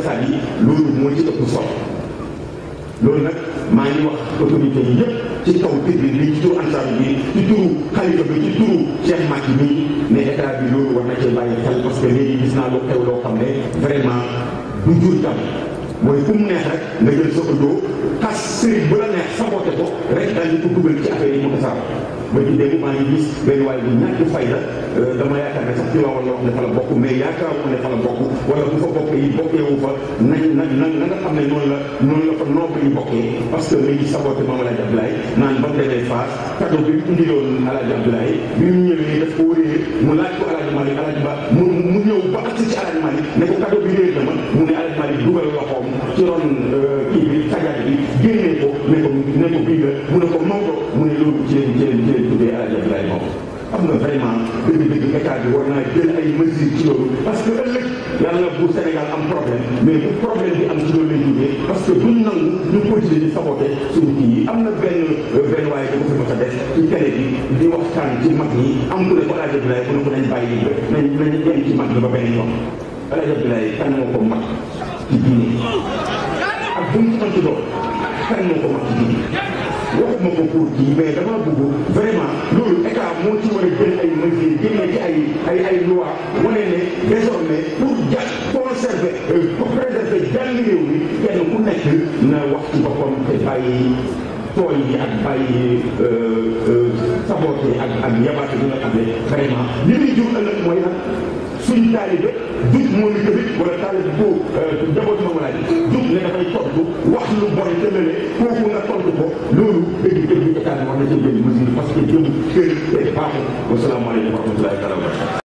salle yi loolu moo ci ëpp loolu nag maa ngi wax autorité yi yëpp ci kaw biir bi nii ci turu ansaar bi ci turu xalifa bi ci turu Cheikh Macky nii ne état bi loolu war na cee bàyyi xel parce que léegi gis naa loo xew loo xam ne vraiment du jur jàmm mooy fu mu neex rek nga jël sa audio tas sëriñ bu la neex saboté ko rek daal ko dugal ci affaire exemple may tuddee ni maa ngi gis benn waaye bu ñàkk fayda euh, dama yaakaar ne sax ci waawoon la wax ne fa la bokk mais yaakaaruma ne fa la bokk wala bu fa bokkee yi bokkee wu fa nañ na na na nga xam ne noonu la noonu la fa nopp yi bokkee parce que léegi saboté moom Alaaji Abdoulaye naan ba mu demee Fass kado bi ñu indiloon Alaaji Abdoulaye bi mu ñëwee daf ko wëree mu laaj ko Alaaji Malick Alaaji Ba mu mu ñëw ba agsi ci Alaaji Malick ne ko kado bi réer na ma mu ne Alaaji Malick dugal loxoom ci ron euh, kii bi tajaaj bi génne ne bii la mu ne ko Maodo mu ne loolu jëlee jëlee vraiment bi war naa jël ay que ëllëg bu Sénégal am problème mais parce que duñ am na benn euh, benn waaye dafa fi a des ci télé bi di waxtaan ci kan moo ko mag ci diine ak buñ ci mën ci doon xar waxuma ko pour ji mais dama bëgg vraiment loolu état moo ci war a jël ay mesures génne ci ay ay ay loi wane ne désormais pour ja conserver pour préserver jàng réew mi kenn ku nekk na wax ci boppam te tooy yi ak bàyyi saboté ak ak yabaate bi nga xam li muy jur ëllëg mooy nag suñu taalibe jub moo ñu tamit wala taalibe bu euh, jaboot ma walaay jub ne dafay togg wax lu bon lële kooku nga tontu ko loolu dëgg dëgg état bi war na jël benn mesure parce que jëm kër baaxul wasalaamaaleykum wa rahmatulahi taala